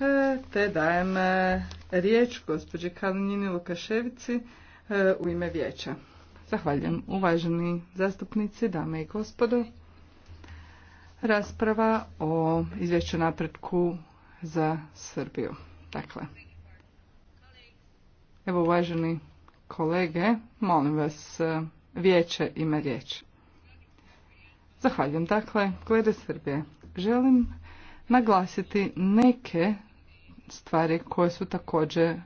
E, te dajem e, riječ gospođi Kalinjini Lukaševici e, u ime vijeća. Zahvaljujem uvaženi zastupnici, dame i gospodo. Rasprava o izvješću napretku za Srbiju. Dakle, evo uvaženi kolege, molim vas vijeće ima riječ. Zahvaljujem. Dakle, glede Srbije. Želim naglasiti neke stvari koje su također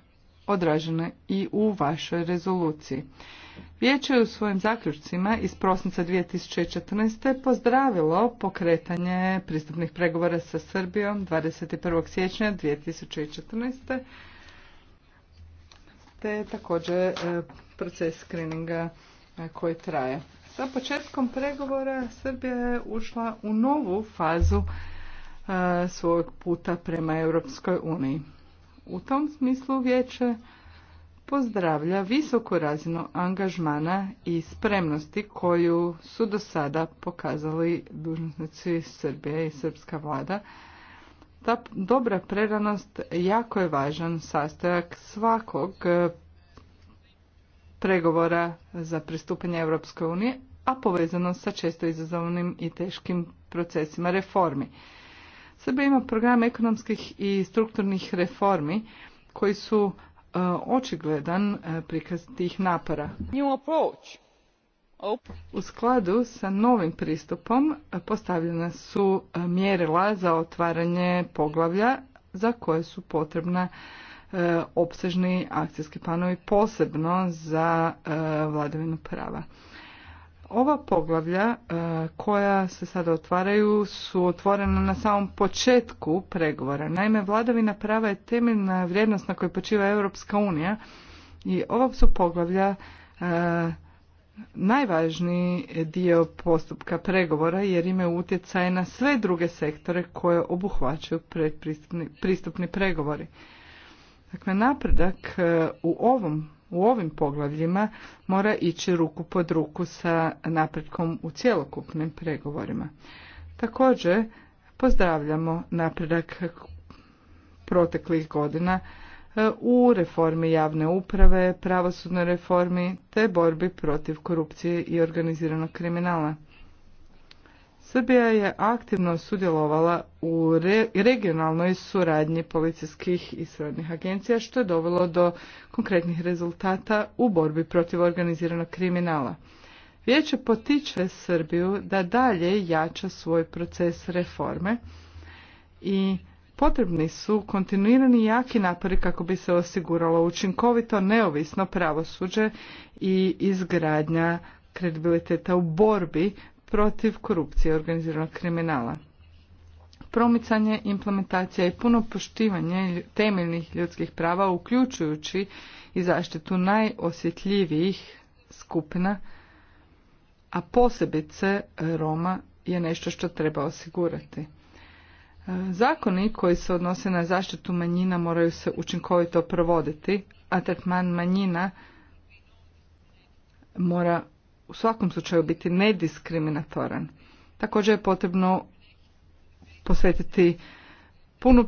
odražene i u vašoj rezoluciji. Vijeće je u svojim zaključcima iz prosinca 2014. pozdravilo pokretanje pristupnih pregovora sa Srbijom 21. siječnja 2014. te također e, proces screeninga e, koji traje. Sa početkom pregovora Srbija je ušla u novu fazu E, svog puta prema Europskoj uniji. U tom smislu vijeće pozdravlja visoku razinu angažmana i spremnosti koju su do sada pokazali dužnosnici Srbije i srpska vlada. Ta dobra predanost jako je važan sastojak svakog e, pregovora za pristupanje Europskoj uniji, a povezano sa često izazovnim i teškim procesima reformi. Srbija ima program ekonomskih i strukturnih reformi koji su e, očigledan e, prikaz tih napora. U skladu sa novim pristupom e, postavljena su mjerila za otvaranje poglavlja za koje su potrebna opsežni akcijski planovi posebno za vladavinu prava ova poglavlja e, koja se sada otvaraju su otvorena na samom početku pregovora. Naime, vladavina prava je temeljna vrijednost na kojoj počiva Europska unija i ova su poglavlja e, najvažniji dio postupka pregovora jer imaju utjecaj na sve druge sektore koje obuhvaćaju pristupni pregovori. Dakle, napredak e, u ovom u ovim poglavljima mora ići ruku pod ruku sa napretkom u cjelokupnim pregovorima. Također, pozdravljamo napredak proteklih godina e, u reformi javne uprave, pravosudnoj reformi te borbi protiv korupcije i organiziranog kriminala. Srbija je aktivno sudjelovala u regionalnoj suradnji policijskih i suradnih agencija što je dovelo do konkretnih rezultata u borbi protiv organiziranog kriminala. Vijeće potiče Srbiju da dalje jača svoj proces reforme i potrebni su kontinuirani jaki napori kako bi se osiguralo učinkovito neovisno pravosuđe i izgradnja kredibiliteta u borbi protiv korupcije i organiziranog kriminala. Promicanje, implementacija i puno poštivanje temeljnih ljudskih prava uključujući i zaštitu najosjetljivijih skupina, a posebice Roma je nešto što treba osigurati. E, zakoni koji se odnose na zaštitu manjina moraju se učinkovito provoditi, a tretman manjina mora u svakom slučaju biti nediskriminatoran. Također je potrebno posvetiti punu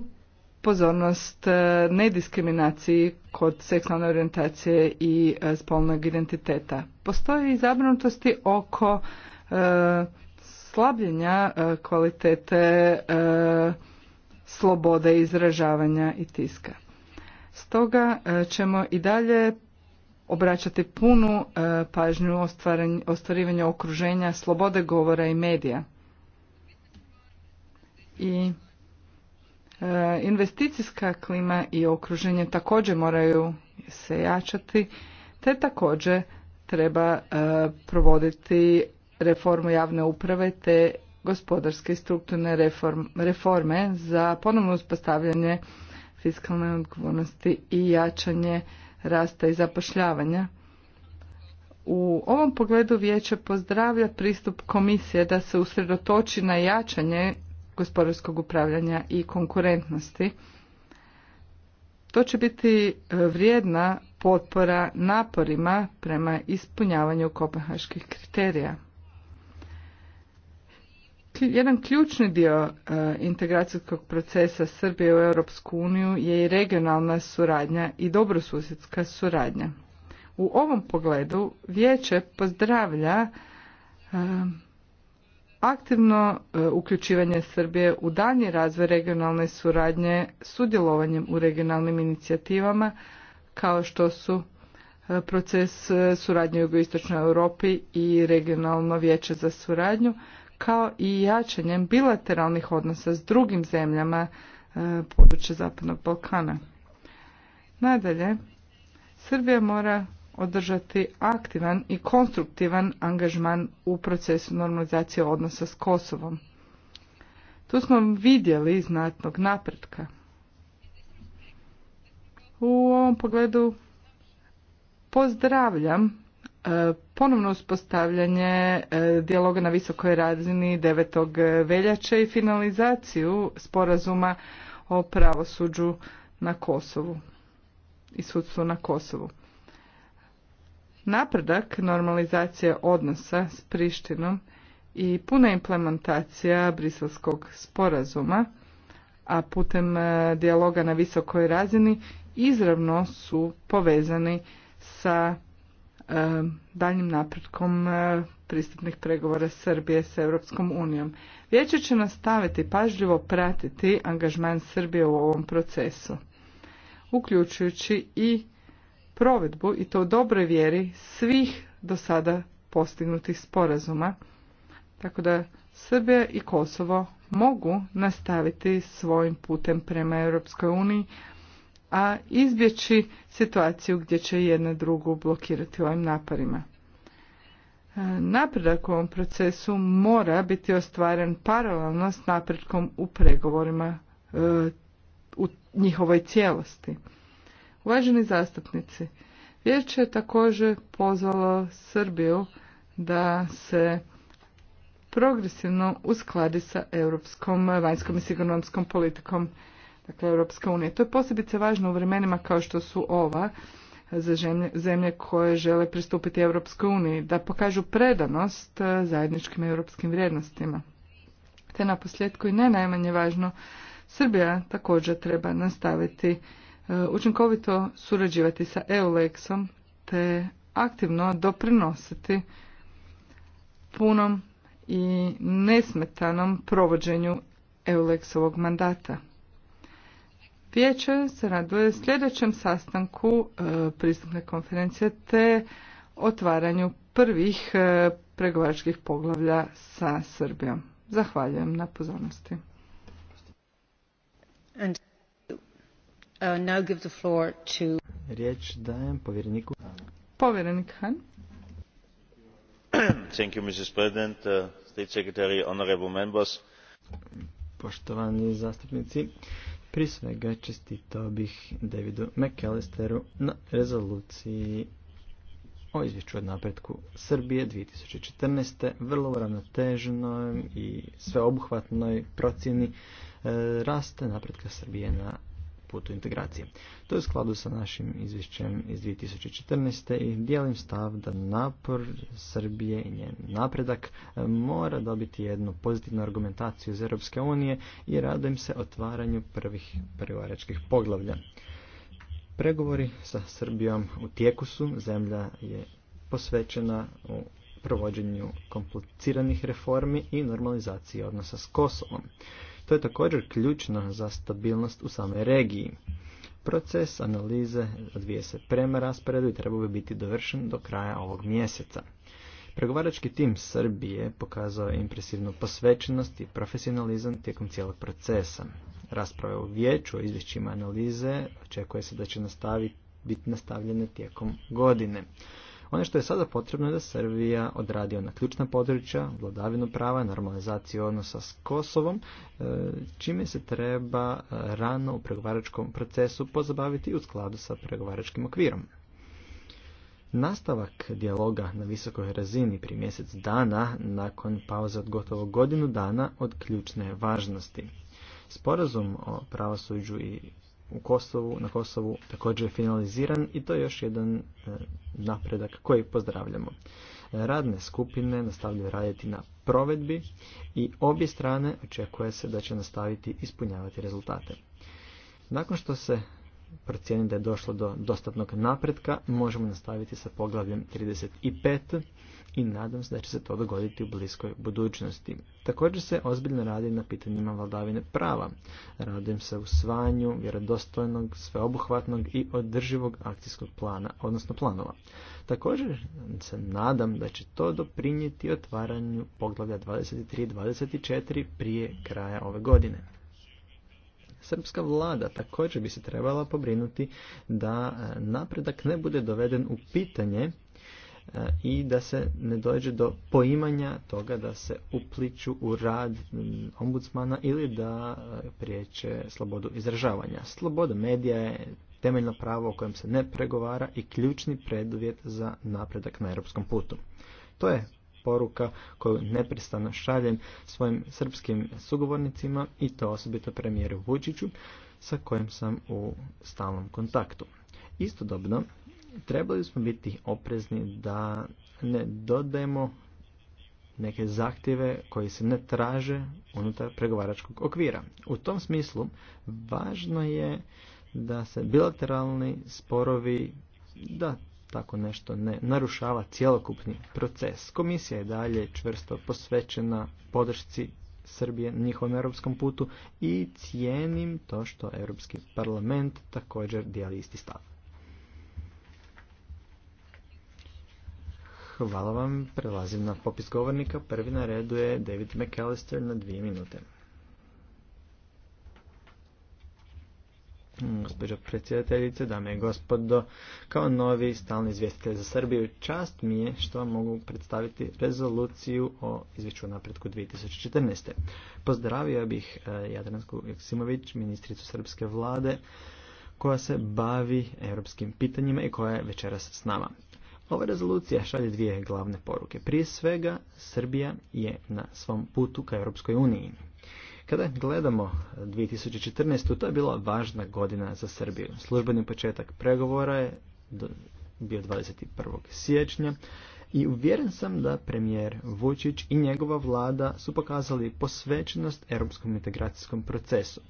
pozornost e, nediskriminaciji kod seksualne orijentacije i e, spolnog identiteta. Postoje i zabrinutosti oko e, slabljenja kvalitete slobode izražavanja i tiska. Stoga ćemo i dalje obraćati punu e, pažnju ostvarivanju okruženja slobode govora i medija. I e, investicijska klima i okruženje također moraju se jačati, te također treba e, provoditi reformu javne uprave te gospodarske i strukturne reforme za ponovno uspostavljanje fiskalne odgovornosti i jačanje rasta i zapošljavanja. U ovom pogledu vijeće pozdravlja pristup komisije da se usredotoči na jačanje gospodarskog upravljanja i konkurentnosti. To će biti e, vrijedna potpora naporima prema ispunjavanju kopenhaških kriterija jedan ključni dio e, integracijskog procesa Srbije u Europsku uniju je i regionalna suradnja i dobrosusjedska suradnja. U ovom pogledu vijeće pozdravlja e, aktivno e, uključivanje Srbije u danji razvoj regionalne suradnje sudjelovanjem u regionalnim inicijativama kao što su proces suradnje u jugoistočnoj Europi i regionalno vijeće za suradnju kao i jačanjem bilateralnih odnosa s drugim zemljama e, područja Zapadnog Balkana. Nadalje, Srbija mora održati aktivan i konstruktivan angažman u procesu normalizacije odnosa s Kosovom. Tu smo vidjeli znatnog napretka. U ovom pogledu pozdravljam e, ponovno uspostavljanje e, dijaloga na visokoj razini 9. E, veljače i finalizaciju sporazuma o pravosuđu na Kosovu i sudstvu na Kosovu. Napredak normalizacije odnosa s Prištinom i puna implementacija briselskog sporazuma, a putem e, dijaloga na visokoj razini izravno su povezani sa E, daljnjim napretkom e, pristupnih pregovora Srbije s Europskom unijom. Vijeće će nastaviti pažljivo pratiti angažman Srbije u ovom procesu, uključujući i provedbu i to u dobroj vjeri svih do sada postignutih sporazuma, tako da Srbija i Kosovo mogu nastaviti svojim putem prema Europskoj uniji a izbjeći situaciju gdje će jedna drugu blokirati ovim naparima. E, napredak u ovom procesu mora biti ostvaren paralelno s napretkom u pregovorima e, u njihovoj cijelosti. Uvaženi zastupnici, vijeće je također pozvalo Srbiju da se progresivno uskladi sa europskom vanjskom i sigurnomskom politikom dakle Europska unija. To je posebice važno u vremenima kao što su ova za zemlje koje žele pristupiti Europskoj uniji, da pokažu predanost eh, zajedničkim europskim vrijednostima. Te na posljedku i ne najmanje važno, Srbija također treba nastaviti eh, učinkovito surađivati sa EULEX-om te aktivno doprinositi punom i nesmetanom provođenju EULEX-ovog mandata. Vijeće se raduje sljedećem sastanku e, pristupne konferencije te otvaranju prvih e, pregovaračkih poglavlja sa Srbijom. Zahvaljujem na pozornosti. And, uh, now give the floor to... Riječ dajem povjereniku. Povjerenik Han. Thank you, Mrs. President, uh, State Secretary, honorable members. Poštovani zastupnici, prije svega čestitao bih Davidu McAllisteru na rezoluciji o izvješću od napretku Srbije 2014. vrlo ravnotežnoj i sveobuhvatnoj procjeni e, raste napretka Srbije na putu integracije. To je u skladu sa našim izvješćem iz 2014. i dijelim stav da napor Srbije i njen napredak e, mora dobiti jednu pozitivnu argumentaciju iz Europske unije i radujem se otvaranju prvih pregovaračkih poglavlja. Pregovori sa Srbijom u tijeku su, zemlja je posvećena u provođenju kompliciranih reformi i normalizaciji odnosa s Kosovom. To je također ključno za stabilnost u samoj regiji. Proces analize odvije se prema rasporedu i trebao bi biti dovršen do kraja ovog mjeseca. Pregovarački tim Srbije pokazao je impresivnu posvećenost i profesionalizam tijekom cijelog procesa. Rasprave u vijeću o izvješćima analize očekuje se da će nastaviti biti nastavljene tijekom godine. Ono što je sada potrebno je da Srbija odradi ona ključna područja, vladavinu prava, normalizaciju odnosa s Kosovom, e, čime se treba e, rano u pregovaračkom procesu pozabaviti u skladu sa pregovaračkim okvirom. Nastavak dijaloga na visokoj razini pri mjesec dana nakon pauze od gotovo godinu dana od ključne važnosti. Sporazum o pravosuđu i u Kosovu, na Kosovu također je finaliziran i to je još jedan e, napredak koji pozdravljamo. Radne skupine nastavljaju raditi na provedbi i obje strane očekuje se da će nastaviti ispunjavati rezultate. Nakon što se procijeni da je došlo do dostatnog napretka, možemo nastaviti sa poglavljem 35 i nadam se da će se to dogoditi u bliskoj budućnosti. Također se ozbiljno radi na pitanjima vladavine prava. Radim se u svanju vjerodostojnog, sveobuhvatnog i održivog akcijskog plana, odnosno planova. Također se nadam da će to doprinijeti otvaranju poglavlja 23 24 prije kraja ove godine. Srpska vlada također bi se trebala pobrinuti da e, napredak ne bude doveden u pitanje E, i da se ne dođe do poimanja toga da se upliču u rad ombudsmana ili da e, priječe slobodu izražavanja. Sloboda medija je temeljno pravo o kojem se ne pregovara i ključni preduvjet za napredak na europskom putu. To je poruka koju nepristano šaljem svojim srpskim sugovornicima i to osobito premijeru Vučiću sa kojim sam u stalnom kontaktu. Istodobno trebali smo biti oprezni da ne dodajemo neke zahtjeve koji se ne traže unutar pregovaračkog okvira. U tom smislu važno je da se bilateralni sporovi da tako nešto ne narušava cjelokupni proces. Komisija je dalje čvrsto posvećena podršci Srbije njihovom europskom putu i cijenim to što Europski parlament također dijeli isti stav. Hvala vam. Prelazim na popis govornika. Prvi na redu je David McAllister na dvije minute. Mm, gospođo predsjedateljice, dame i gospodo, kao novi stalni izvjestitelj za Srbiju, čast mi je što vam mogu predstaviti rezoluciju o izvješću napretku 2014. Pozdravio bih e, Jadransku Joksimović, ministricu srpske vlade, koja se bavi europskim pitanjima i koja je večeras s nama. Ova rezolucija šalje dvije glavne poruke. Prije svega, Srbija je na svom putu ka Europskoj uniji. Kada gledamo 2014. to je bila važna godina za Srbiju. Službeni početak pregovora je bio 21. siječnja i uvjeren sam da premijer Vučić i njegova vlada su pokazali posvećenost europskom integracijskom procesu.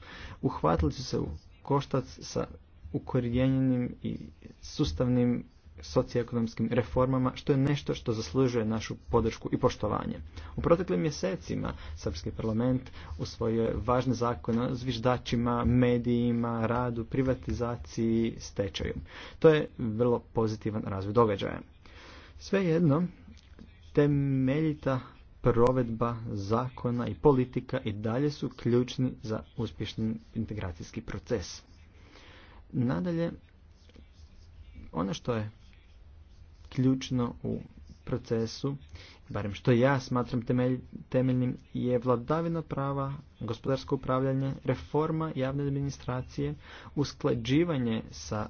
Uhvatili su se u koštac sa ukorijenjenim i sustavnim socioekonomskim reformama, što je nešto što zaslužuje našu podršku i poštovanje. U proteklim mjesecima Srpski parlament usvojio je važne zakone o zviždačima, medijima, radu, privatizaciji, stečaju. To je vrlo pozitivan razvoj događaja. Svejedno, temeljita provedba zakona i politika i dalje su ključni za uspješni integracijski proces. Nadalje, ono što je ključno u procesu, barem što ja smatram temelj, temeljnim, je vladavina prava, gospodarsko upravljanje, reforma javne administracije, usklađivanje sa,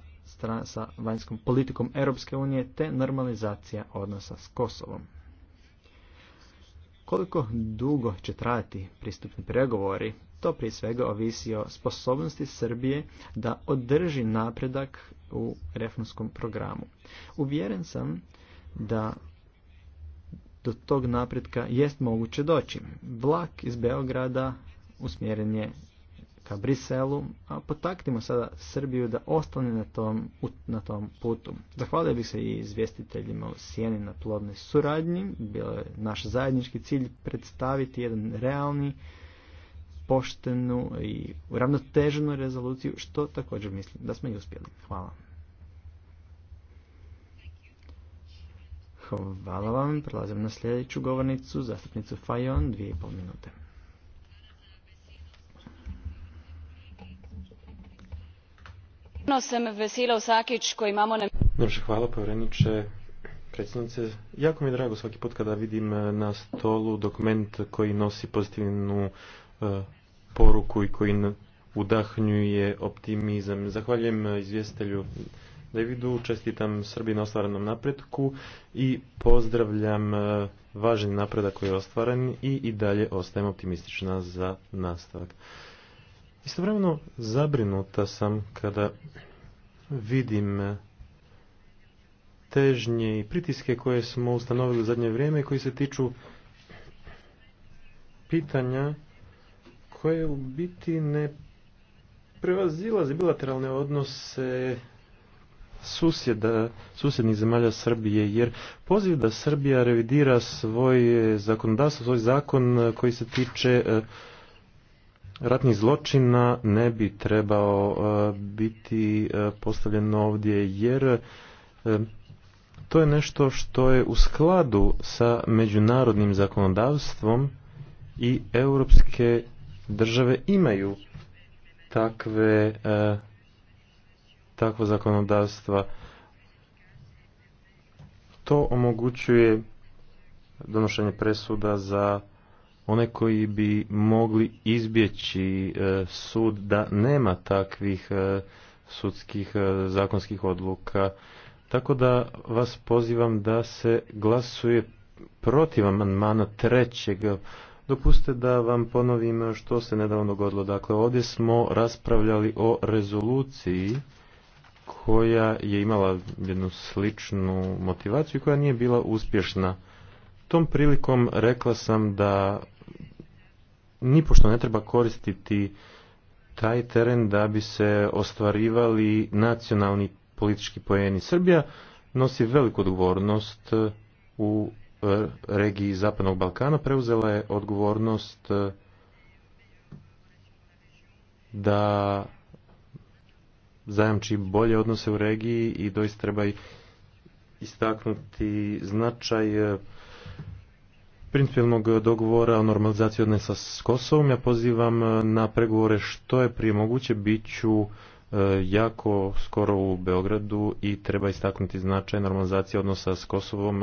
sa vanjskom politikom Europske unije te normalizacija odnosa s Kosovom. Koliko dugo će trajati pristupni pregovori to prije svega ovisi o sposobnosti Srbije da održi napredak u reformskom programu. Uvjeren sam da do tog napretka jest moguće doći. Vlak iz Beograda usmjeren je ka Briselu, a potaknimo sada Srbiju da ostane na tom, na tom putu. Zahvalio bih se i izvjestiteljima u Sijeni na plodnoj suradnji. Bilo je naš zajednički cilj predstaviti jedan realni poštenu i uravnoteženu rezoluciju, što također mislim da smo i uspjeli. Hvala. Hvala vam. Prelazim na sljedeću govornicu, zastupnicu Fajon, dvije i pol minute. sam koji imamo na... Dobro, hvala, povredniče predsjednice. Jako mi je drago svaki put kada vidim na stolu dokument koji nosi pozitivnu E, poruku i koji udahnjuje optimizam. Zahvaljujem e, izvjestelju Davidu, čestitam srbi na ostvarenom napretku i pozdravljam e, važni napredak koji je ostvaren i i dalje ostajem optimistična za nastavak. Istovremeno zabrinuta sam kada vidim težnje i pritiske koje smo ustanovili u zadnje vrijeme koji se tiču pitanja koje u biti ne prevazilazi bilateralne odnose susjeda, susjednih zemalja Srbije, jer poziv da Srbija revidira svoje zakonodavstvo, svoj zakon koji se tiče e, ratnih zločina ne bi trebao e, biti e, postavljen ovdje, jer to je nešto što je u skladu sa međunarodnim zakonodavstvom i europske države imaju takve e, takvo zakonodavstva to omogućuje donošenje presuda za one koji bi mogli izbjeći e, sud da nema takvih e, sudskih zakonskih odluka tako da vas pozivam da se glasuje protiv amandmana trećeg Dopustite da vam ponovim što se nedavno dogodilo. Dakle, ovdje smo raspravljali o rezoluciji koja je imala jednu sličnu motivaciju koja nije bila uspješna. Tom prilikom rekla sam da nipošto ne treba koristiti taj teren da bi se ostvarivali nacionalni politički pojeni. Srbija nosi veliku odgovornost u Eh, regiji Zapadnog Balkana preuzela je odgovornost eh, da zajamči bolje odnose u regiji i doista treba istaknuti značaj eh, principijelnog dogovora o normalizaciji odnosa s Kosovom. Ja pozivam na pregovore što je prije moguće. ću jako skoro u Beogradu i treba istaknuti značaj normalizacije odnosa s Kosovom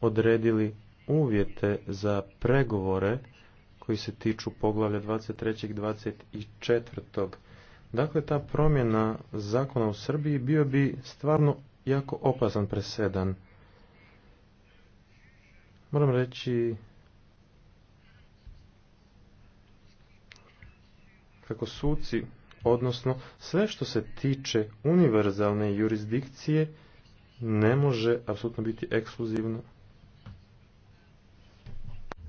odredili uvjete za pregovore koji se tiču poglavlja 23. i 24. Dakle, ta promjena zakona u Srbiji bio bi stvarno jako opasan presedan. Moram reći kako suci, odnosno sve što se tiče univerzalne jurisdikcije, ne može apsolutno biti ekskluzivno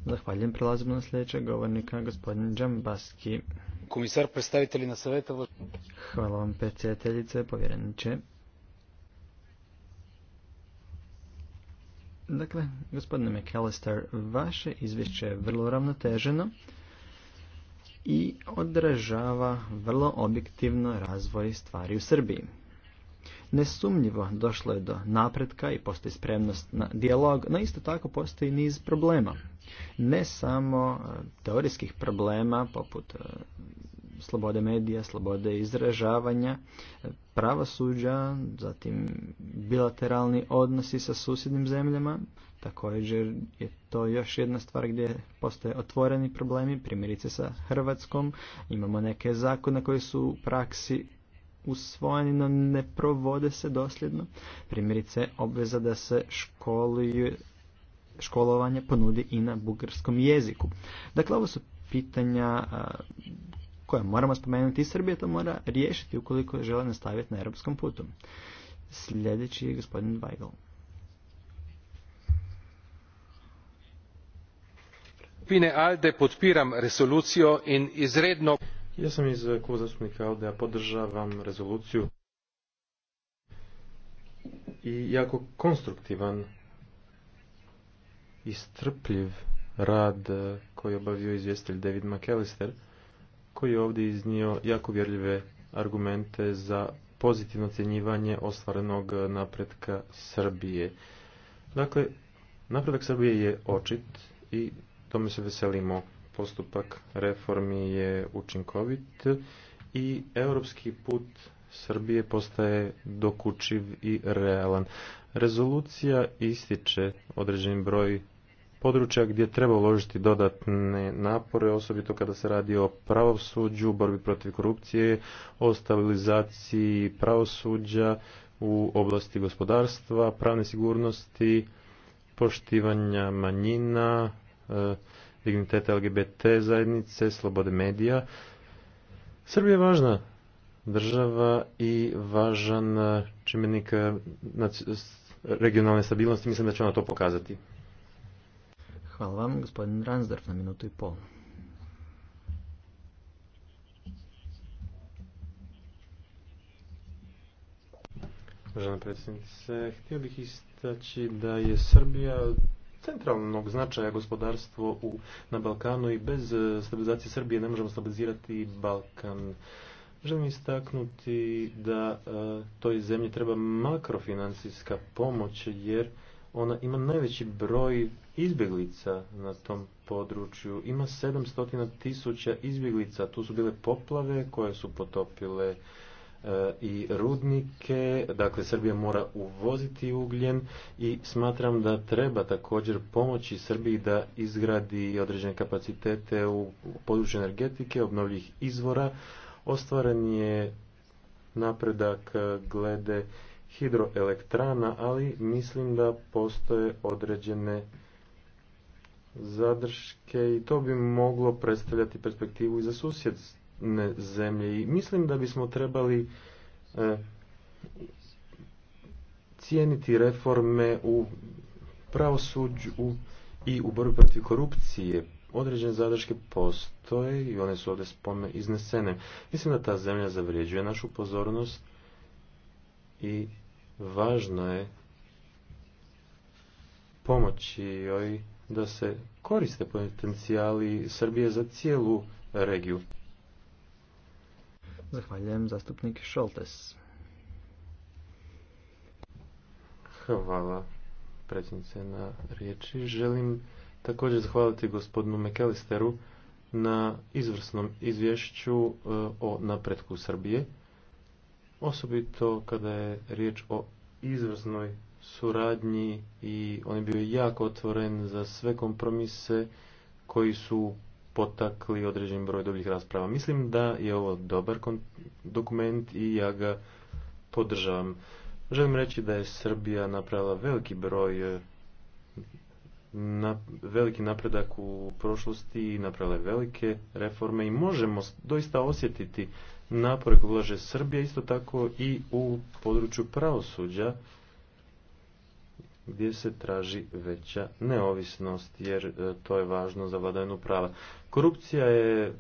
Zahvaljujem. Prelazimo na sljedećeg govornika, gospodin Džambaski. Komisar, predstavitelji na savjeta. Hvala vam, predsjedateljice, povjereniče. Dakle, gospodine McAllister, vaše izvješće je vrlo ravnoteženo i odražava vrlo objektivno razvoj stvari u Srbiji. Nesumnjivo došlo je do napretka i postoji spremnost na dijalog, no isto tako postoji niz problema. Ne samo e, teorijskih problema poput e, slobode medija, slobode izražavanja, e, pravosuđa, zatim bilateralni odnosi sa susjednim zemljama. Također je to još jedna stvar gdje postoje otvoreni problemi, primjerice sa Hrvatskom. Imamo neke zakone koji su u praksi usvojeni, no ne provode se dosljedno. Primjerice, obveza da se školuju, školovanje ponudi i na bugarskom jeziku. Dakle, ovo su pitanja koje moramo spomenuti i Srbije. to mora riješiti ukoliko žele nastaviti na europskom putu. Sljedeći je gospodin Weigl. Pine Alde podpiram resolucijo in izredno ja sam iz kluba zastupnika ovdje, ja podržavam rezoluciju i jako konstruktivan i strpljiv rad koji je obavio izvjestitelj David McAllister, koji je ovdje iznio jako vjerljive argumente za pozitivno ocjenjivanje ostvarenog napretka Srbije. Dakle, napredak Srbije je očit i tome se veselimo postupak reformi je učinkovit i europski put Srbije postaje dokučiv i realan. Rezolucija ističe određen broj područja gdje treba uložiti dodatne napore, osobito kada se radi o pravosuđu, borbi protiv korupcije, o stabilizaciji pravosuđa u oblasti gospodarstva, pravne sigurnosti, poštivanja manjina, e, digniteta LGBT zajednice, slobode medija. Srbija je važna država i važan e, čimenik e, regionalne stabilnosti. Mislim da će ona to pokazati. Hvala vam, gospodin Ransdorf, na minutu i pol. predsjednice, htio bih istaći da je Srbija centralnog značaja gospodarstvo na Balkanu i bez e, stabilizacije Srbije ne možemo stabilizirati Balkan. Želim istaknuti da e, toj zemlji treba makrofinancijska pomoć jer ona ima najveći broj izbjeglica na tom području. Ima 700.000 tisuća izbjeglica. Tu su bile poplave koje su potopile E, i rudnike, dakle Srbija mora uvoziti ugljen i smatram da treba također pomoći Srbiji da izgradi određene kapacitete u području energetike, obnovljivih izvora. Ostvaren je napredak e, glede hidroelektrana, ali mislim da postoje određene zadrške i to bi moglo predstavljati perspektivu i za susjedstvo zemlje i mislim da bismo trebali e, cijeniti reforme u pravosuđu i u borbi protiv korupcije. Određene zadrške postoje i one su ovdje spome iznesene. Mislim da ta zemlja zavrijeđuje našu pozornost i važno je pomoći joj da se koriste potencijali Srbije za cijelu regiju. Zahvaljujem zastupnik Šoltes. Hvala predsjednice na riječi. Želim također zahvaliti gospodinu McAllisteru na izvrsnom izvješću eh, o napretku Srbije, osobito kada je riječ o izvrsnoj suradnji i on je bio jako otvoren za sve kompromise koji su potakli određen broj dobrih rasprava. Mislim da je ovo dobar dokument i ja ga podržavam. Želim reći da je Srbija napravila veliki broj e, na, veliki napredak u prošlosti i napravila velike reforme i možemo doista osjetiti napore koje ulaže Srbija isto tako i u području pravosuđa gdje se traži veća neovisnost, jer e, to je važno za vladajnu prava. Korupcija je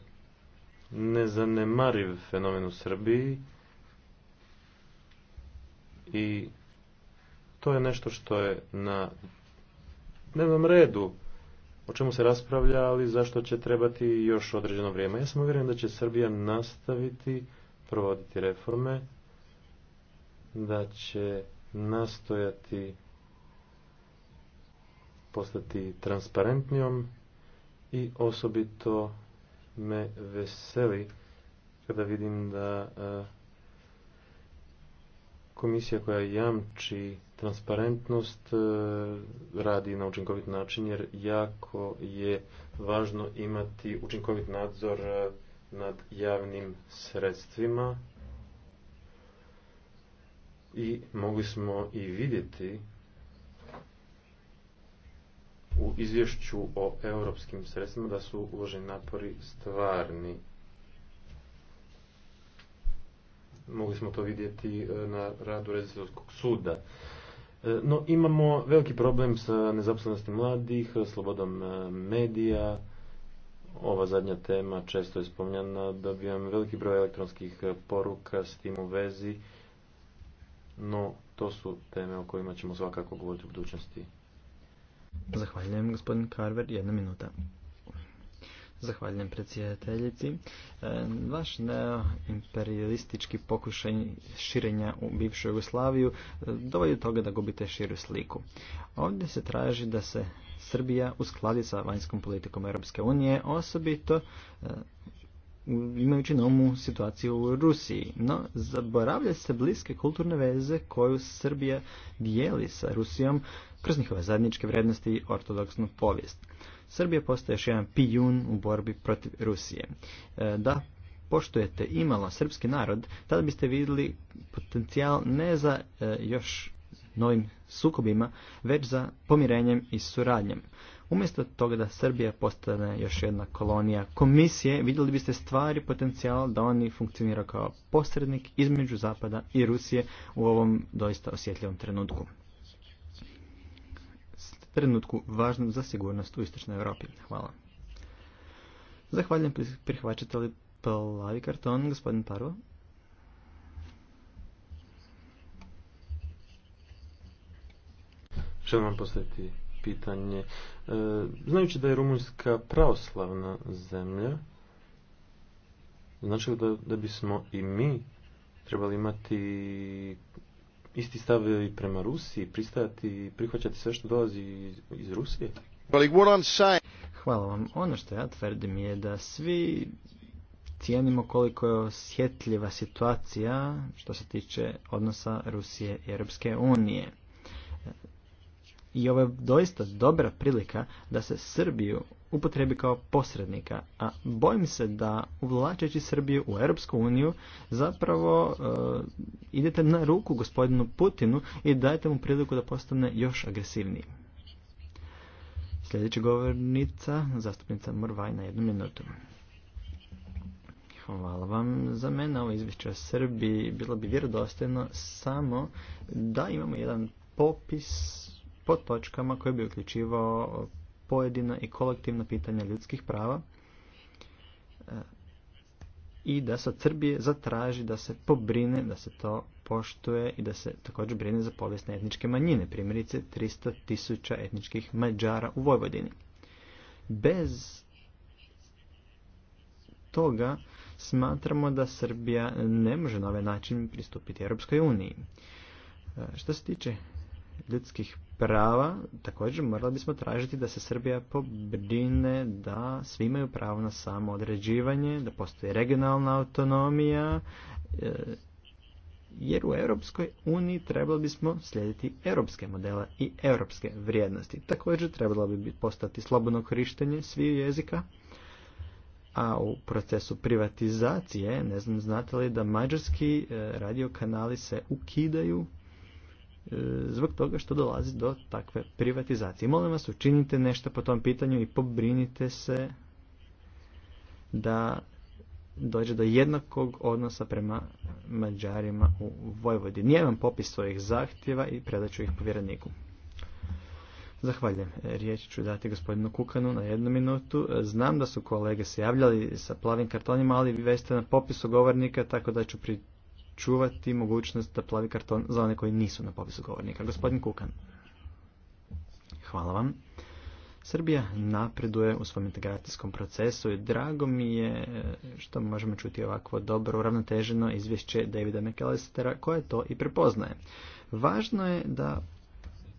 nezanemariv fenomen u Srbiji i to je nešto što je na dnevnom redu o čemu se raspravlja, ali zašto će trebati još određeno vrijeme. Ja sam uvjeren da će Srbija nastaviti provoditi reforme, da će nastojati postati transparentnijom i osobito me veseli kada vidim da e, komisija koja jamči transparentnost e, radi na učinkovit način jer jako je važno imati učinkovit nadzor e, nad javnim sredstvima i mogli smo i vidjeti u izvješću o europskim sredstvima da su uloženi napori stvarni. Mogli smo to vidjeti e, na radu Rezidentskog suda. E, no, imamo veliki problem sa nezaposlenosti mladih, slobodom e, medija. Ova zadnja tema često je spominjana. Dobijam veliki broj elektronskih poruka s tim u vezi. No, to su teme o kojima ćemo svakako govoriti u budućnosti. Zahvaljujem gospodin Carver, jedna minuta. Zahvaljujem predsjedateljici. E, vaš neoimperijalistički pokušaj širenja u bivšu Jugoslaviju e, dovodi toga da gubite širu sliku. Ovdje se traži da se Srbija uskladi sa vanjskom politikom Europske unije, osobito e, imajući na umu situaciju u Rusiji. No, zaboravlja se bliske kulturne veze koju Srbija dijeli sa Rusijom kroz njihove zajedničke vrednosti i ortodoksnu povijest. Srbija postaje još jedan pijun u borbi protiv Rusije. E, da poštujete imalo srpski narod, tada biste vidjeli potencijal ne za e, još novim sukobima, već za pomirenjem i suradnjem. Umjesto toga da Srbija postane još jedna kolonija komisije, vidjeli biste stvari potencijal da oni funkcionira kao posrednik između Zapada i Rusije u ovom doista osjetljivom trenutku. Trenutku važnom za sigurnost u Istočnoj Europi. Hvala. Zahvaljujem, prihvaćate li plavi karton, gospodin Parvo? Želim vam postaviti pitanje. E, znajući da je Rumunjska pravoslavna zemlja, znači da, da bismo i mi trebali imati isti stav i prema Rusiji, pristajati i prihvaćati sve što dolazi iz, iz Rusije? Hvala vam. Ono što ja tvrdim je da svi cijenimo koliko je osjetljiva situacija što se tiče odnosa Rusije i Europske unije. I ovo je doista dobra prilika da se Srbiju upotrebi kao posrednika, a bojim se da uvlačeći Srbiju u Europsku uniju zapravo e, idete na ruku gospodinu Putinu i dajete mu priliku da postane još agresivniji. Sljedeća govornica, zastupnica Morvaj na jednu minutu. Hvala vam. Za mene ovo izvješće o Srbiji bilo bi vjerodostojno samo da imamo jedan popis pod točkama koje bi uključivao pojedina i kolektivna pitanja ljudskih prava e, i da se od Srbije zatraži da se pobrine, da se to poštuje i da se također brine za povijesne etničke manjine, primjerice 300 tisuća etničkih Mađara u Vojvodini. Bez toga smatramo da Srbija ne može na ovaj način pristupiti Europskoj uniji. E, što se tiče ljudskih prava, također morali bismo tražiti da se Srbija pobrine da svi imaju pravo na samoodređivanje, da postoji regionalna autonomija, e, jer u Europskoj uniji trebali bismo slijediti europske modele i europske vrijednosti. Također trebalo bi postati slobodno korištenje sviju jezika, a u procesu privatizacije, ne znam znate li da mađarski e, radiokanali se ukidaju zbog toga što dolazi do takve privatizacije. Molim vas, učinite nešto po tom pitanju i pobrinite se da dođe do jednakog odnosa prema Mađarima u Vojvodi. Nijemam popis svojih zahtjeva i predat ću ih povjereniku. Zahvaljujem. Riječ ću dati gospodinu Kukanu na jednu minutu. Znam da su kolege se javljali sa plavim kartonima, ali vi veste na popisu govornika, tako da ću pri čuvati mogućnost da plavi karton za one koji nisu na popisu govornika. Gospodin Kukan. Hvala vam. Srbija napreduje u svom integracijskom procesu i drago mi je e, što možemo čuti ovakvo dobro uravnoteženo izvješće Davida McAllistera koje to i prepoznaje. Važno je da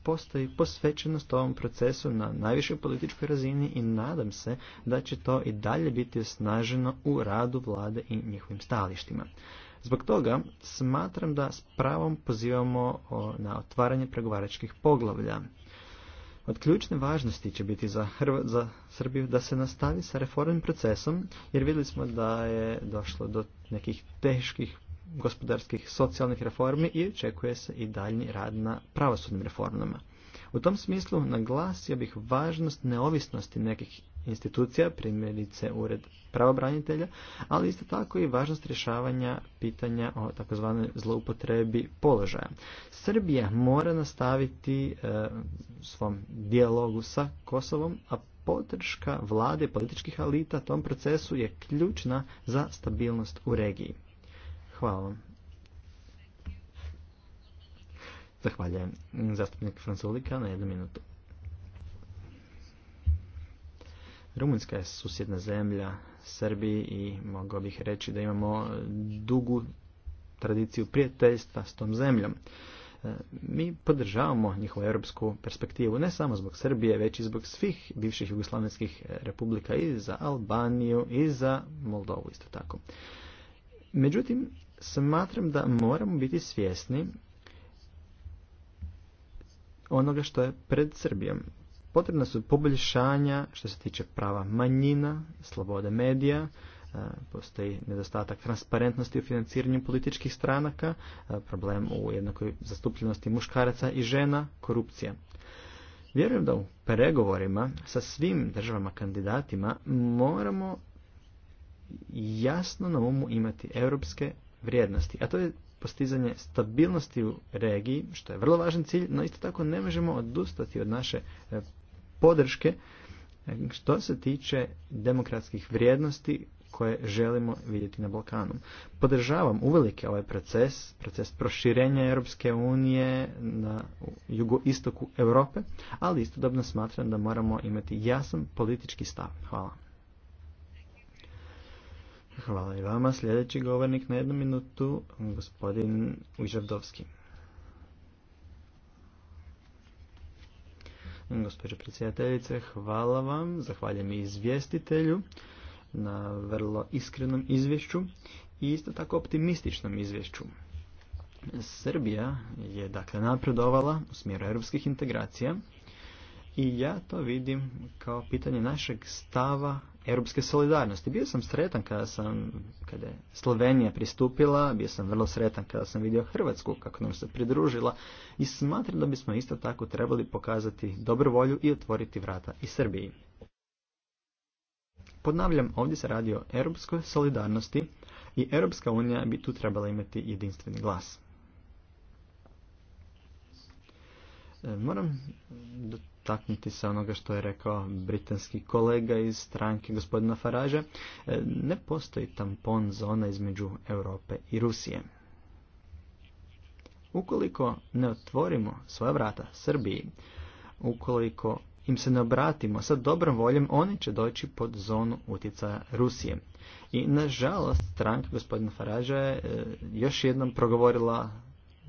postoji posvećenost ovom procesu na najvišoj političkoj razini i nadam se da će to i dalje biti osnaženo u radu vlade i njihovim stalištima. Zbog toga smatram da s pravom pozivamo na otvaranje pregovaračkih poglavlja. Od ključne važnosti će biti za, za Srbiju da se nastavi sa reformnim procesom, jer vidjeli smo da je došlo do nekih teških gospodarskih, socijalnih reformi i očekuje se i daljnji rad na pravosudnim reformama. U tom smislu naglasio bih važnost neovisnosti nekih institucija, primjerice ured pravobranitelja, ali isto tako i važnost rješavanja pitanja o takozvanoj zloupotrebi položaja. Srbija mora nastaviti e, svom dijalogu sa Kosovom, a podrška vlade političkih alita tom procesu je ključna za stabilnost u regiji. Hvala vam. Zahvaljujem zastupnik Franculika na jednu minutu. Rumunjska je susjedna zemlja Srbiji i mogao bih reći da imamo dugu tradiciju prijateljstva s tom zemljom. E, mi podržavamo njihovu europsku perspektivu ne samo zbog Srbije, već i zbog svih bivših jugoslavenskih e, republika i za Albaniju i za Moldovu isto tako. Međutim, smatram da moramo biti svjesni onoga što je pred Srbijom. Potrebna su poboljšanja što se tiče prava manjina, slobode medija, e, postoji nedostatak transparentnosti u financiranju političkih stranaka, e, problem u jednakoj zastupljenosti muškaraca i žena, korupcija. Vjerujem da u pregovorima sa svim državama kandidatima moramo jasno na umu imati europske vrijednosti, a to je postizanje stabilnosti u regiji, što je vrlo važan cilj, no isto tako ne možemo odustati od naše e, podrške e, što se tiče demokratskih vrijednosti koje želimo vidjeti na Balkanu. Podržavam uvelike ovaj proces, proces proširenja Europske unije na jugoistoku Europe, ali istodobno smatram da moramo imati jasan politički stav. Hvala. Hvala i vama. Sljedeći govornik na jednu minutu, gospodin Ujžavdovski. Gospođo predsjedateljice, hvala vam. Zahvaljujem i izvjestitelju na vrlo iskrenom izvješću i isto tako optimističnom izvješću. Srbija je dakle napredovala u smjeru europskih integracija i ja to vidim kao pitanje našeg stava europske solidarnosti. Bio sam sretan kada sam, kada je Slovenija pristupila, bio sam vrlo sretan kada sam vidio Hrvatsku kako nam se pridružila i smatram da bismo isto tako trebali pokazati dobru volju i otvoriti vrata i Srbiji. Podnavljam, ovdje se radi o europskoj solidarnosti i Europska unija bi tu trebala imati jedinstveni glas. E, moram taknuti se onoga što je rekao britanski kolega iz stranke gospodina Faraža. E, ne postoji tampon zona između Europe i Rusije. Ukoliko ne otvorimo svoja vrata Srbiji, ukoliko im se ne obratimo sa dobrom voljem, oni će doći pod zonu utjecaja Rusije. I nažalost stranka gospodina Faraža je e, još jednom progovorila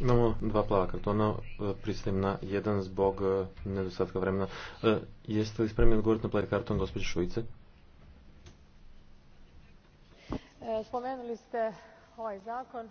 Imamo dva plava kartona, e, pristajem na jedan zbog e, nedostatka vremena. E, jeste li spremni odgovoriti na plavi karton, gospođe Šujice? Spomenuli ste ovaj zakon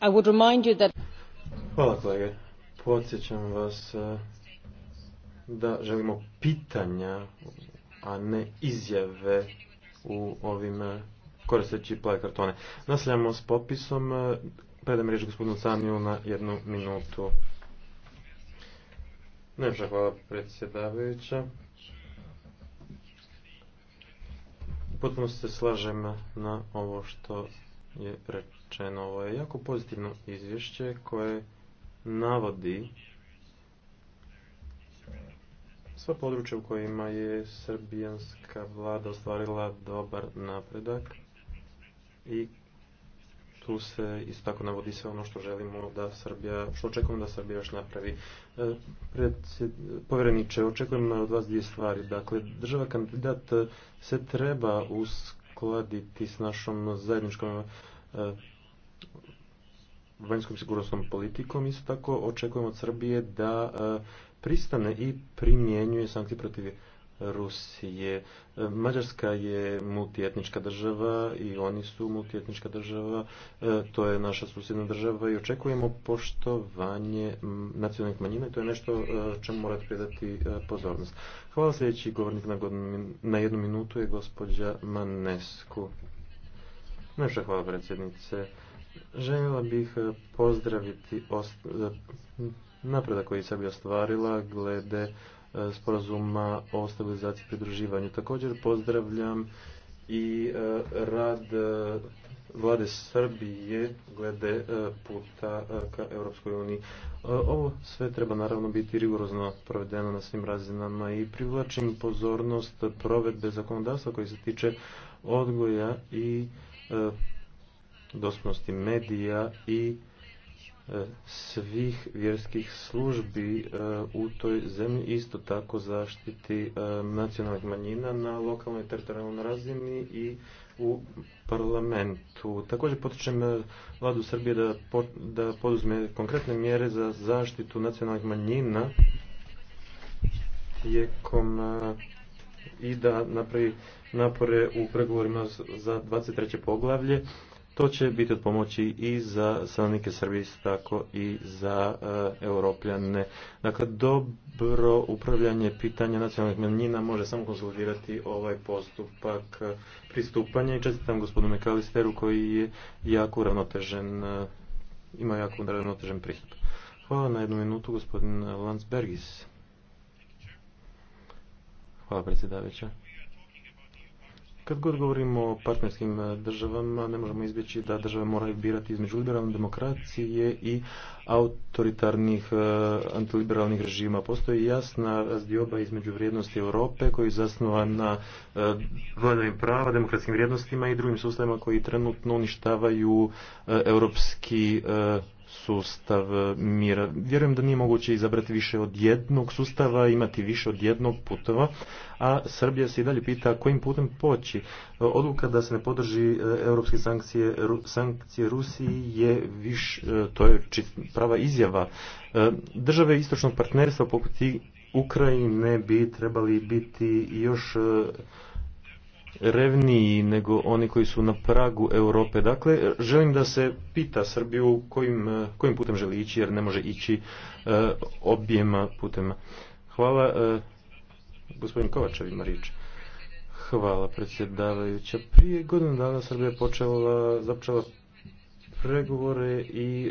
I would Hvala kolege. Podsjećam vas eh, da želimo pitanja, a ne izjave u ovim eh, koristeći plave kartone. Nastavljamo s popisom. Eh, predam riječ gospodinu Samiju na jednu minutu. Najpša hvala predsjedavajuća. Potpuno se slažem na ovo što je rečeno. Ovo je jako pozitivno izvješće koje navodi sva područja u kojima je srbijanska vlada ostvarila dobar napredak i tu se isto tako navodi sve ono što želimo da Srbija, što očekujemo da Srbija još napravi. E, Pred, povjereniče, očekujem od vas dvije stvari. Dakle, država kandidat se treba uz uskladiti s našom zajedničkom e, vanjskom sigurnosnom politikom. Isto tako očekujemo od Srbije da e, pristane i primjenjuje sankcije protiv Rusije. Mađarska je multietnička država i oni su multietnička država, e, to je naša susjedna država i očekujemo poštovanje nacionalnih manjina i to je nešto e, čemu morate pridati e, pozornost. Hvala sljedeći govornik na, jednu minutu je gospođa Manesku. Najviše hvala predsjednice. Željela bih pozdraviti napredak koji se bi ostvarila glede sporazuma o stabilizaciji i pridruživanju. Također pozdravljam i e, rad e, vlade Srbije glede e, puta ka Europskoj uniji. Ovo sve treba naravno biti rigorozno provedeno na svim razinama i privlačim pozornost provedbe zakonodavstva koji se tiče odgoja i dostupnosti medija i E, svih vjerskih službi e, u toj zemlji, isto tako zaštiti e, nacionalnih manjina na lokalnoj teritorijalnoj razini i u parlamentu. Također potičem vladu Srbije da, da poduzme konkretne mjere za zaštitu nacionalnih manjina tijekom i da napravi napore u pregovorima za 23. poglavlje to će biti od pomoći i za stanovnike Srbije, tako i za e, europljane. Dakle, dobro upravljanje pitanja nacionalnih manjina može samo konsolidirati ovaj postupak pristupanja i čestitam gospodinu Mekalisteru koji je jako uravnotežen, e, ima jako uravnotežen pristup. Hvala na jednu minutu gospodin Lansbergis. Hvala predsjedavajuća. Kad god govorimo o partnerskim e, državama, ne možemo izbjeći da države moraju birati između liberalne demokracije i autoritarnih e, antiliberalnih režima. Postoji jasna razdioba između vrijednosti Europe koji je zasnova na e, vladavim prava, demokratskim vrijednostima i drugim sustavima koji trenutno uništavaju europski sustav e, mira. Vjerujem da nije moguće izabrati više od jednog sustava, imati više od jednog putova, a Srbija se i dalje pita kojim putem poći. E, odluka da se ne podrži e, europske sankcije, sankcije Rusiji je više, to je prava izjava. Države istočnog partnerstva poput Ukrajine bi trebali biti još revniji nego oni koji su na pragu Europe. Dakle, želim da se pita Srbiju kojim, eh, kojim putem želi ići, jer ne može ići eh, objema putem. Hvala, eh, gospodin Kovačev Hvala predsjedavajuća. Prije godinu dana Srbija počela, započela pregovore i e,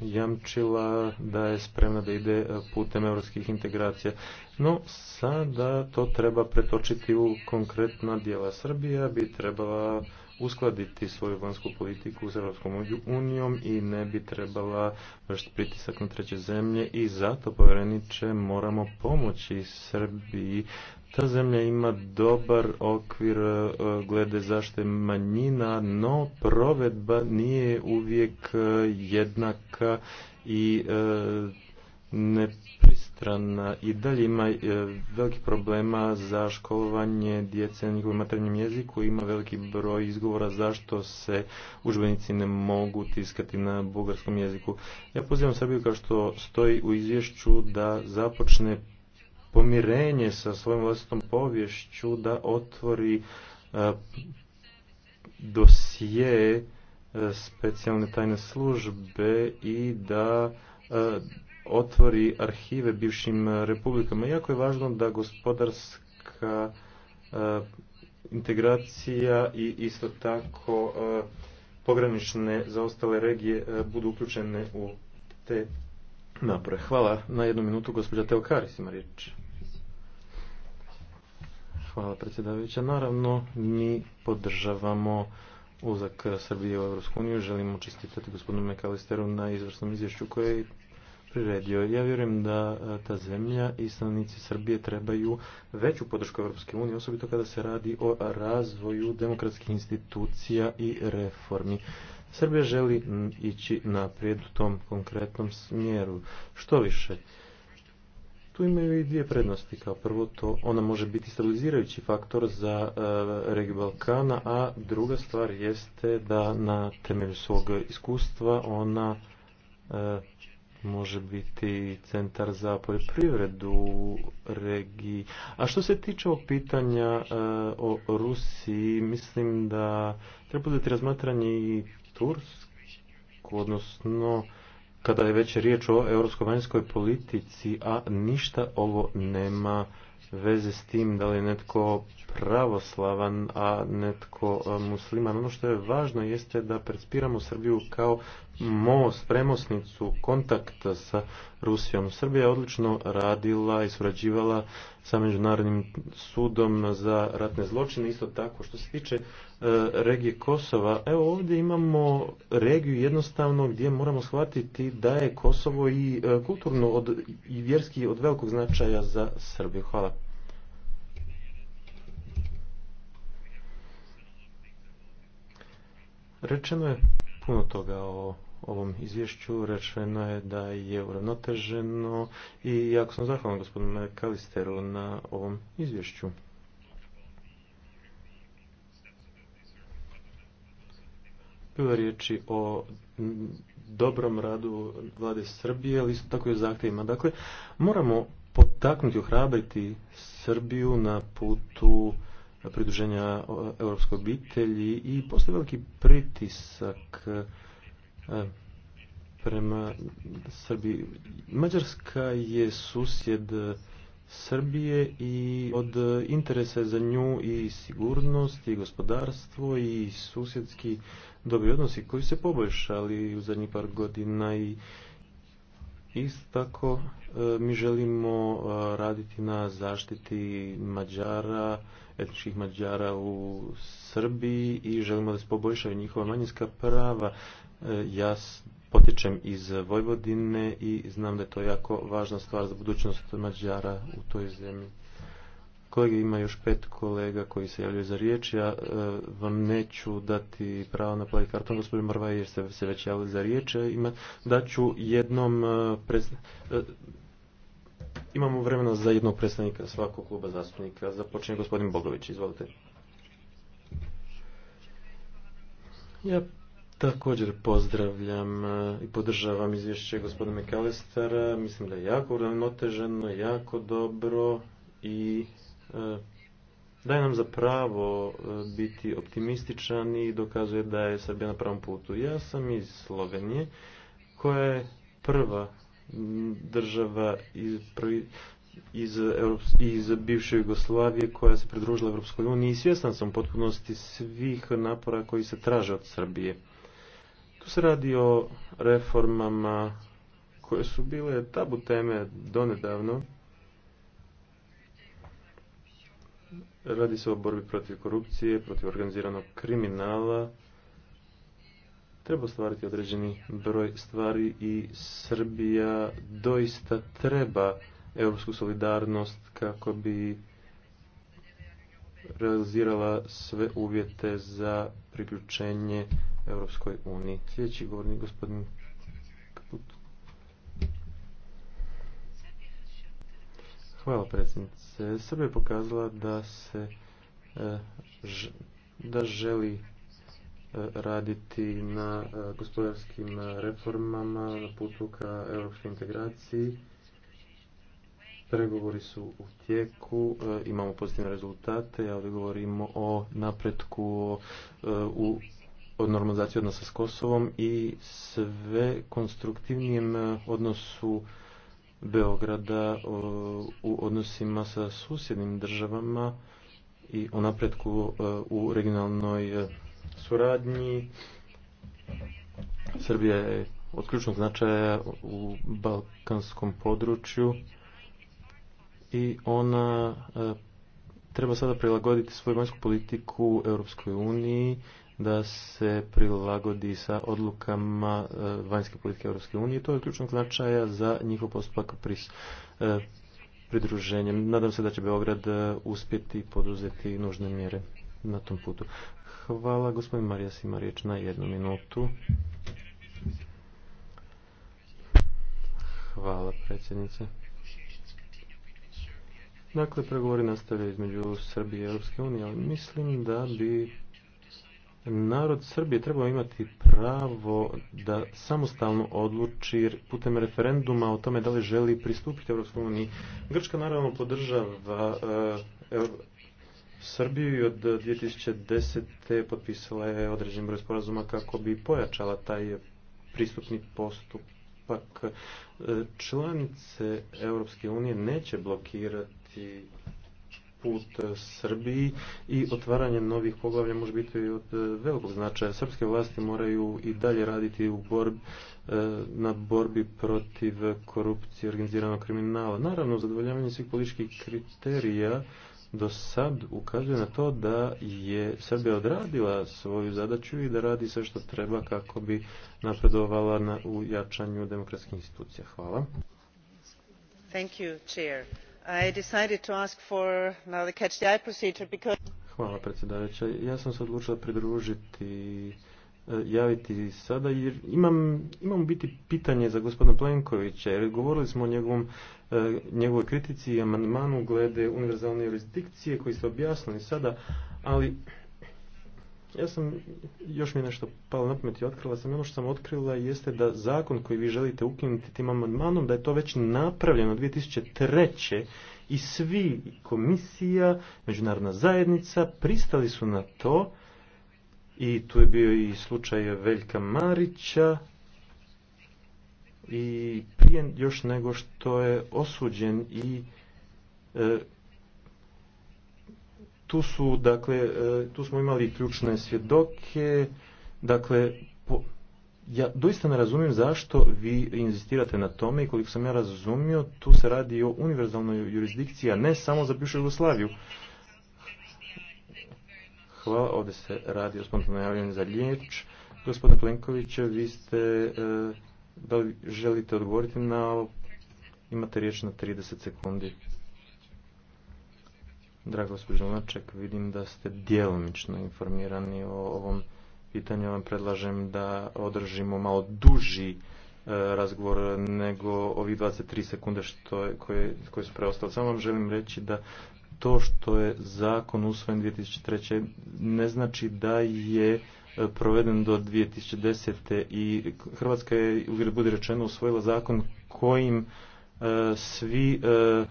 jamčila da je spremna da ide e, putem europskih integracija. No, sada to treba pretočiti u konkretna djela. Srbija bi trebala uskladiti svoju vanjsku politiku s Europskom unijom i ne bi trebala vršiti pritisak na treće zemlje i zato povjereniče moramo pomoći Srbiji ta zemlja ima dobar okvir e, glede zašte manjina, no provedba nije uvijek e, jednaka i e, nepristrana. I dalje ima veliki problema za školovanje djece na njihovom maternjem jeziku. Ima veliki broj izgovora zašto se udžbenici ne mogu tiskati na bugarskom jeziku. Ja pozivam Srbiju kao što stoji u izvješću da započne pomirenje sa svojom vlastitom povješću da otvori e, dosije e, specijalne tajne službe i da e, otvori arhive bivšim republikama. Jako je važno da gospodarska integracija i isto tako pogranične zaostale regije budu uključene u te napore. Hvala. Na jednu minutu gospođa Teokaris ima riječ. Hvala predsjedavajuća. Naravno, mi podržavamo uzak Srbije u Evropsku uniju. Želimo čestitati gospodinu Mekalisteru na izvrsnom izvješću koje je priredio. Ja vjerujem da e, ta zemlja i stanovnici Srbije trebaju veću podršku Evropske unije, osobito kada se radi o razvoju demokratskih institucija i reformi. Srbija želi ići naprijed u tom konkretnom smjeru. Što više, tu imaju i dvije prednosti. Kao prvo, to ona može biti stabilizirajući faktor za e, regiju Balkana, a druga stvar jeste da na temelju svog iskustva ona e, može biti centar za poljoprivredu u regiji. A što se tiče ovog pitanja e, o Rusiji, mislim da treba uzeti razmatranje i Tursku, odnosno kada je već riječ o europskoj vanjskoj politici, a ništa ovo nema veze s tim da li je netko pravoslavan, a netko musliman. Ono što je važno jeste da predspiramo Srbiju kao most, premosnicu, kontakta sa Rusijom. Srbija je odlično radila i surađivala sa Međunarodnim sudom za ratne zločine, isto tako što se tiče E, regije Kosova. Evo ovdje imamo regiju jednostavno gdje moramo shvatiti da je Kosovo i e, kulturno od, i vjerski od velikog značaja za Srbiju. Hvala. Rečeno je puno toga o ovom izvješću, rečeno je da je uravnoteženo i jako sam zahvalan gospodinu Kalisteru na ovom izvješću. Bilo je riječi o dobrom radu vlade Srbije, ali isto tako i o zahtjevima. Dakle, moramo potaknuti, ohrabriti Srbiju na putu pridruženja europskoj obitelji i postoji veliki pritisak e, prema Srbiji. Mađarska je susjed Srbije i od interesa za nju i sigurnost i gospodarstvo i susjedski dobri odnosi koji se poboljšali u zadnjih par godina i isto tako e, mi želimo e, raditi na zaštiti Mađara, etničkih Mađara u Srbiji i želimo da se poboljšaju njihova manjinska prava. E, ja potičem iz Vojvodine i znam da je to jako važna stvar za budućnost Mađara u toj zemlji. Kolege, ima još pet kolega koji se javljaju za riječ. Ja e, vam neću dati pravo na plavi karton, gospodin Morvaj, jer ste se već javili za riječ. E, ima, daću jednom e, Imamo vremena za jednog predstavnika svakog kluba zastupnika. Započne gospodin Bogović, izvolite. Ja Također pozdravljam e, i podržavam izvješće gospodina Kalestara. Mislim da je jako uravnoteženo, jako dobro i e, daje nam za pravo e, biti optimističan i dokazuje da je Srbija na pravom putu. Ja sam iz Slovenije koja je prva država iz, bivše Jugoslavije koja se pridružila Europskoj uniji i svjestan sam u potpunosti svih napora koji se traže od Srbije. Tu se radi o reformama koje su bile tabu teme donedavno. Radi se o borbi protiv korupcije, protiv organiziranog kriminala. Treba stvariti određeni broj stvari i Srbija doista treba europsku solidarnost kako bi realizirala sve uvjete za priključenje Europskoj uniji. Sljedeći govornik gospodin Kaput. Hvala predsjednice. Srbija je pokazala da se e, da želi e, raditi na e, gospodarskim reformama na putu ka europskoj integraciji Pregovori su u tijeku, e, imamo pozitivne rezultate, ali govorimo o napretku e, u od normalizaciji odnosa s Kosovom i sve konstruktivnijem e, odnosu Beograda u odnosima sa susjednim državama i o napretku u regionalnoj suradnji. Srbija je od ključnog značaja u balkanskom području i ona e, treba sada prilagoditi svoju vanjsku politiku Europskoj uniji da se prilagodi sa odlukama e, vanjske politike Europske unije. To je ključnog značaja za njihov postupak pris, e, pridruženjem. Nadam se da će Beograd uspjeti poduzeti nužne mjere na tom putu. Hvala, gospodin Marija Simarić riječ na jednu minutu. Hvala, predsjednice. Dakle, pregovori nastavljaju između Srbije i Europske unije, ali mislim da bi narod Srbije trebao imati pravo da samostalno odluči putem referenduma o tome da li želi pristupiti Europskoj uniji. Grčka naravno podržava eh, Srbiju i od 2010. potpisala je određen broj sporazuma kako bi pojačala taj pristupni postupak. Eh, članice Europske unije neće blokirati put Srbiji i otvaranje novih poglavlja može biti od e, velikog značaja. Srpske vlasti moraju i dalje raditi u borbi, e, na borbi protiv korupcije i organiziranog kriminala. Naravno, zadovoljavanje svih političkih kriterija do sad ukazuje na to da je Srbija odradila svoju zadaću i da radi sve što treba kako bi napredovala na, u jačanju demokratskih institucija. Hvala. Thank you, chair. Hvala predsjedavajuća. Ja sam se odlučila pridružiti e, javiti sada jer imam, imam biti pitanje za gospodina Plenkovića jer govorili smo o njegovom, e, njegovoj kritici i amandmanu glede univerzalne jurisdikcije koji ste objasnili sada, ali ja sam, još mi nešto palo na pamet i otkrila sam, ono što sam otkrila jeste da zakon koji vi želite ukinuti tim amandmanom, da je to već napravljeno 2003. i svi komisija, međunarodna zajednica pristali su na to i tu je bio i slučaj Veljka Marića i prije još nego što je osuđen i e, tu su, dakle, e, tu smo imali ključne svjedoke, dakle, ja doista ne razumijem zašto vi inzistirate na tome i koliko sam ja razumio, tu se radi o univerzalnoj jurisdikciji, a ne samo za bivšu Jugoslaviju. Hvala, ovdje se radi o spontanom za liječ. Gospodine Plenković, vi ste, e, da li želite odgovoriti na, imate riječ na 30 sekundi. Drago gospođo Maček, vidim da ste djelomično informirani o ovom pitanju. Vam predlažem da održimo malo duži e, razgovor nego ovih 23 sekunde što koje, su preostali. Samo vam želim reći da to što je zakon usvojen 2003. ne znači da je e, proveden do 2010. i Hrvatska je, bude rečeno, usvojila zakon kojim E, svi e,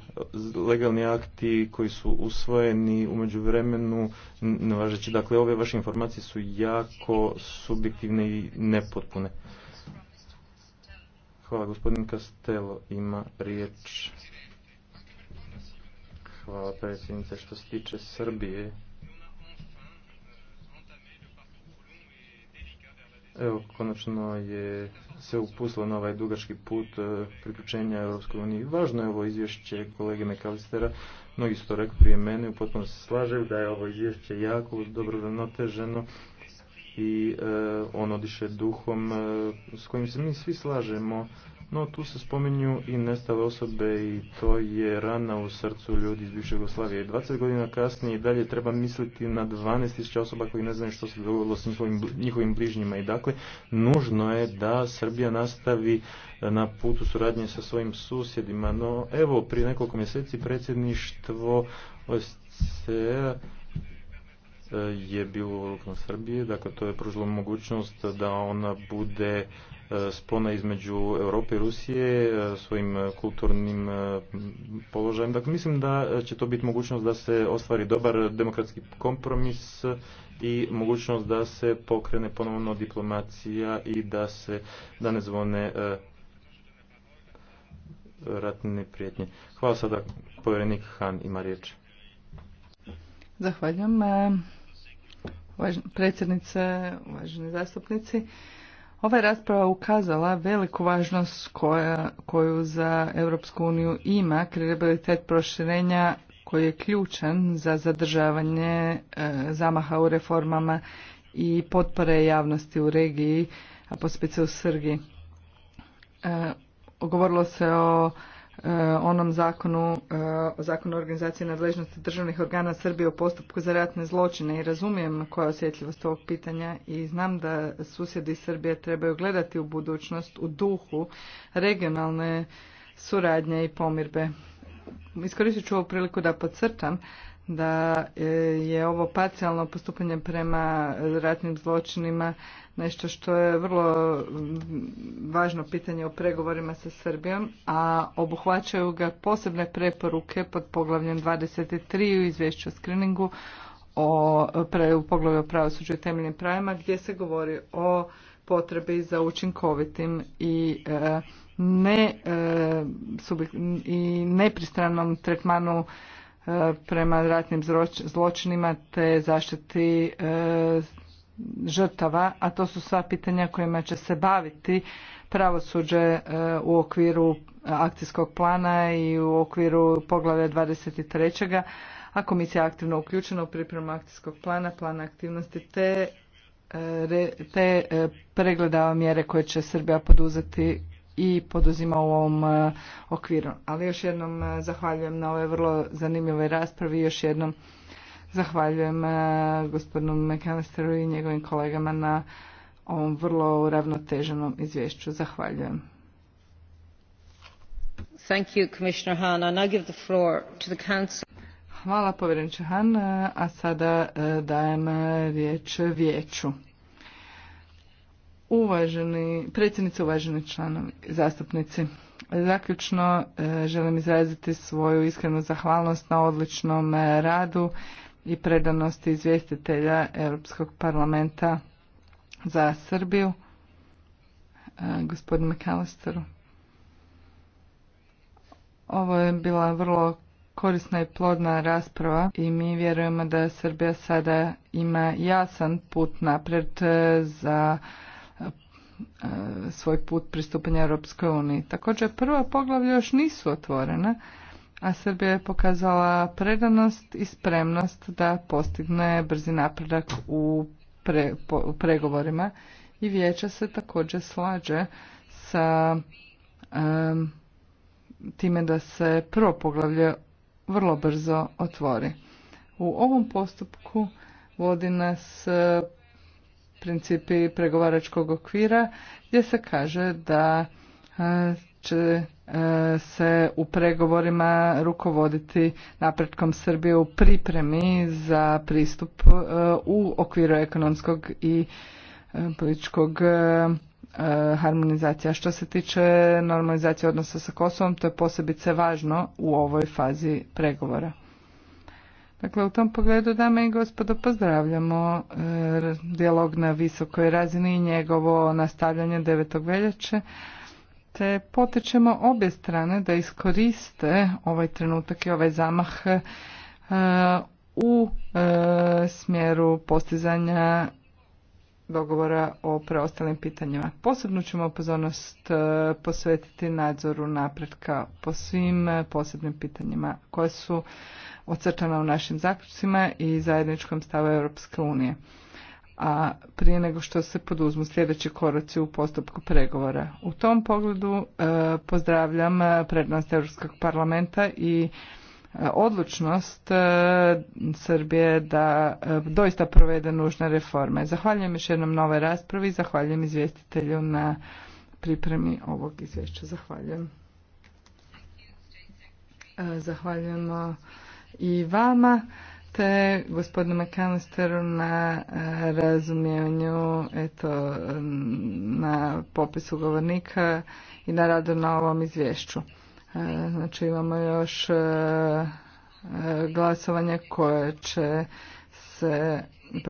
legalni akti koji su usvojeni umeđu vremenu nevažeći. Dakle, ove vaše informacije su jako subjektivne i nepotpune. Hvala, gospodin Castello ima riječ. Hvala predsjednice. Što se tiče Srbije, Evo, konačno je se upuslo na ovaj dugački put e, priključenja Europskoj uniji. Važno je ovo izvješće kolege Mekalistera, mnogi su to rekli prije mene, u potpuno se slažem da je ovo izvješće jako dobro ravnoteženo i e, ono diše duhom e, s kojim se mi svi slažemo no tu se spominju i nestale osobe i to je rana u srcu ljudi iz bivše Jugoslavije. 20 godina kasnije i dalje treba misliti na 12.000 osoba koji ne znaju što se dogodilo s njihovim, njihovim bližnjima. I dakle, nužno je da Srbija nastavi na putu suradnje sa svojim susjedima. No evo, prije nekoliko mjeseci predsjedništvo OSCE je bilo rukno Srbije, dakle to je pružilo mogućnost da ona bude e, spona između Europe i Rusije e, svojim kulturnim e, položajem. Dakle, mislim da će to biti mogućnost da se ostvari dobar demokratski kompromis i mogućnost da se pokrene ponovno diplomacija i da se da ne zvone ratne prijetnje. Hvala sada povjerenik Han ima riječ. Zahvaljujem predsjednice, uvaženi zastupnici. Ova je rasprava ukazala veliku važnost koja, koju za Europsku uniju ima kredibilitet proširenja koji je ključan za zadržavanje e, zamaha u reformama i potpore javnosti u regiji, a pospice u Srgi. E, govorilo se o E, onom zakonu, e, zakonu organizacije nadležnosti državnih organa Srbije u postupku za ratne zločine i razumijem koja je osjetljivost ovog pitanja i znam da susjedi Srbije trebaju gledati u budućnost u duhu regionalne suradnje i pomirbe. Iskoristit ću ovu priliku da podcrtam da e, je ovo parcijalno postupanje prema ratnim zločinima nešto što je vrlo važno pitanje o pregovorima sa Srbijom, a obuhvaćaju ga posebne preporuke pod poglavljem 23 u izvješću o skriningu o, u poglavlju o pravosuđu i temeljnim pravima gdje se govori o potrebi za učinkovitim i e, ne e, i nepristranom tretmanu E, prema ratnim zločinima te zaštiti e, žrtava, a to su sva pitanja kojima će se baviti pravosuđe e, u okviru akcijskog plana i u okviru poglavlja 23. a komisija je aktivno uključena u pripremu akcijskog plana, plana aktivnosti te, te pregledava mjere koje će Srbija poduzeti i poduzima u ovom e, okviru. Ali još jednom e, zahvaljujem na ove vrlo zanimljive raspravi i još jednom zahvaljujem e, gospodinu McAllisteru i njegovim kolegama na ovom vrlo uravnoteženom izvješću. Zahvaljujem. Thank Hvala povjereniče Han, a sada dajem riječ vijeću. Uvaženi, predsjednice, uvaženi članovi, zastupnici. Zaključno e, želim izraziti svoju iskrenu zahvalnost na odličnom e, radu i predanosti izvjestitelja Europskog parlamenta za Srbiju, e, gospodinu McAllisteru. Ovo je bila vrlo korisna i plodna rasprava i mi vjerujemo da Srbija sada ima jasan put naprijed za E, svoj put pristupanja Europskoj uniji. Također prva poglavlja još nisu otvorena, a Srbija je pokazala predanost i spremnost da postigne brzi napredak u pregovorima i vijeća se također slađe sa time da se prvo poglavlje vrlo brzo otvori. U ovom postupku vodi nas principi pregovaračkog okvira gdje se kaže da e, će e, se u pregovorima rukovoditi napretkom Srbije u pripremi za pristup e, u okviru ekonomskog i političkog harmonizacija. Što se tiče normalizacije odnosa sa Kosovom, to je posebice važno u ovoj fazi pregovora. Dakle, u tom pogledu, dame i gospodo, pozdravljamo e, dijalog na visokoj razini i njegovo nastavljanje 9. veljače, te potičemo obje strane da iskoriste ovaj trenutak i ovaj zamah e, u e, smjeru postizanja dogovora o preostalim pitanjima. Posebno ćemo pozornost posvetiti nadzoru napretka po svim posebnim pitanjima koje su ocrtana u našim zaključcima i zajedničkom stavu Europske unije. A prije nego što se poduzmu sljedeći koraci u postupku pregovora. U tom pogledu e, pozdravljam e, prednost Europskog parlamenta i e, odlučnost Srbije da doista provede nužne reforme. Zahvaljujem još jednom nove raspravi i zahvaljujem izvjestitelju na pripremi ovog izvješća. Zahvaljujem. Zahvaljujemo i vama te gospodinu McAllisteru na eh, razumijevanju eto, na popisu govornika i na radu na ovom izvješću. Eh, znači imamo još eh, glasovanje koje će se